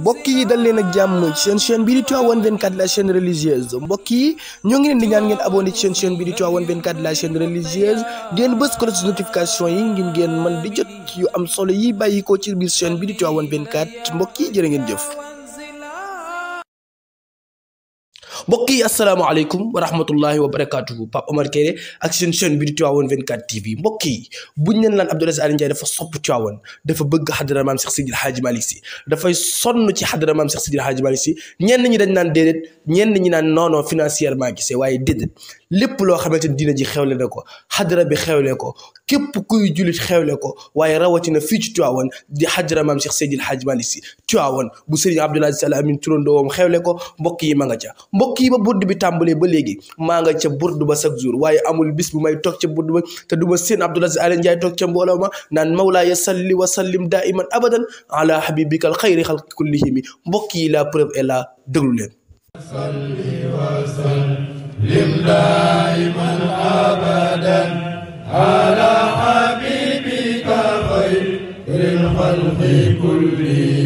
mbokk yi dal leen ak jàmm seen chaîne bi di Tivaouane 24 la chaîne religieuse mbokk yi ñoo ngi leen di ñaan ngeen abonné ci seen chaîne bi di Tivaouane 24 la chaîne religieuse di leen bës cloche notification yi ngir ngeen man di jot yu am solo yi bàyyi ko ci biir chaîne bi di Tivaouane 24 mbokk yi jërë ngeen jëf. mbokk assalamu asalaamaaleykum wa rahmatullahi wa barakatuh pap Omar Kéré ak seen chaîne bi di Tivaouane 24 TV mbokk yi buñ leen laan Abdou Aziz Aly Ndiaye dafa sopp Tivaouane dafa bëgg xadara maam Cheikh Sidil Hadji Malick Sy dafay sonn ci xadara maam Cheikh Sidil Hadji Malick Sy ñenn ñi dañ naan déedéet ñenn ñi naan non non financièrement gisee waaye déedéet lépp loo xamante ni dina ji xewle na ko xadara bi xewle ko képp kuy jullit xewle ko waaye rawatina fii ci Tiwaawan di xajara maam Cheikh Seydil Hadj Malick Sy Tiwaawan bu Serigne Abdoul Aziz Al Amine turandoowam xewle ko mbokk yi ma nga ca mbokk yi ba burdu bi tàmbalee ba léegi maa nga ca burdu ba chaque jour waaye amul bis bu may toog ca burdu ba te du ma seen Abdoul Aziz ca mbooloo ma naan mawlaaya salli wa sallim daiman abadan ala habibika al xayri xalqi kullihimi mbokk yi la preuve est là déglu للخلق كلهم